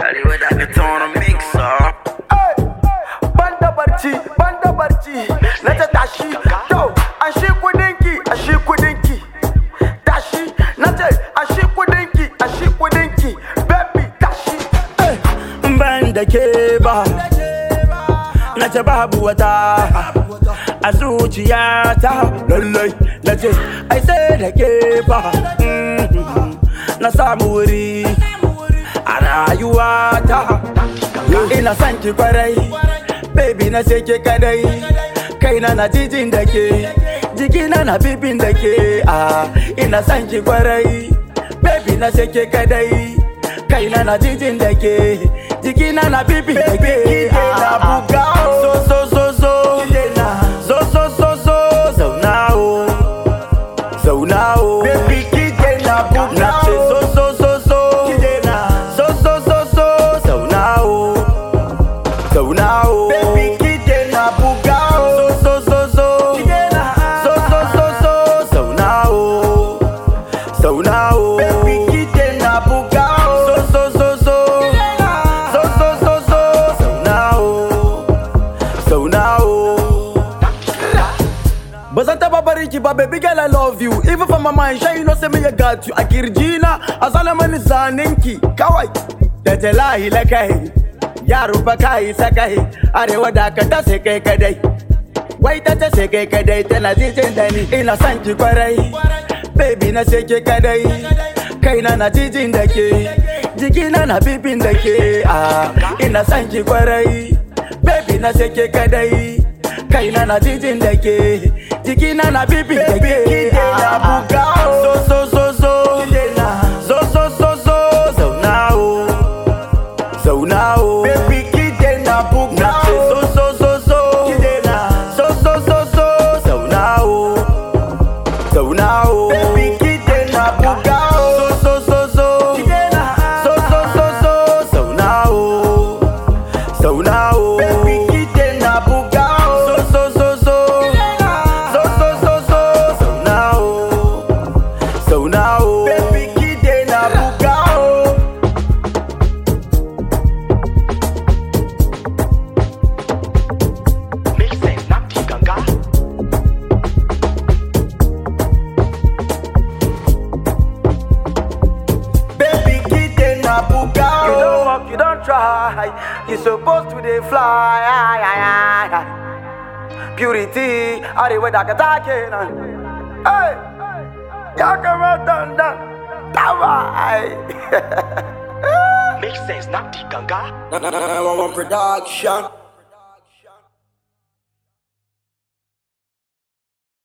Arriba da Vitona Mix, ó. Banda Barchi, Banda Barchi, Nata Tashi, Yo, Ashi Kudinki, Ashi Kudinki, Tashi, Nata, Ashi Kudinki, Ashi Kudinki, Baby Tashi, Banda Keba, Nata Babu Wata. a zuciyata lallai na ce ai sai da ke ba na samu wuri rayuwata na ina e son ki kwarai baby na ce ke kadai kaina na jijin da ke jikina na bibin da ke a ina son ki kwarai baby na ce ke kadai kaina na jijin da ke jikina na bibin da ke But zan taba barin ki ba baby girl I love you even for my mind shine, you know say me ya got you a kirjina a zalaman zanin ki kawai da jalahi lakai yaro ba kai sakai arewa da ka ta sai kadai wai ta ta sai kai kadai tana jijin da ina san kwarai baby na seke ke kadai kaina na jijin dake ke na na bibin dake ah ina san kwarai baby na seke ke kadai kaina na jijin da ke na na bibin da ke abuga so so so so na, so so so so zauna o zauna o baby kide na buga oh. so so so so na, so so so so zauna o zauna o a buga. You don't oh. walk, you don't try. You are supposed to they fly. Ay, ay, ay, Purity, all the way that can talk in. Ah. Hey, y'all come out down That Tawai. Make sense, not the ganga. Production.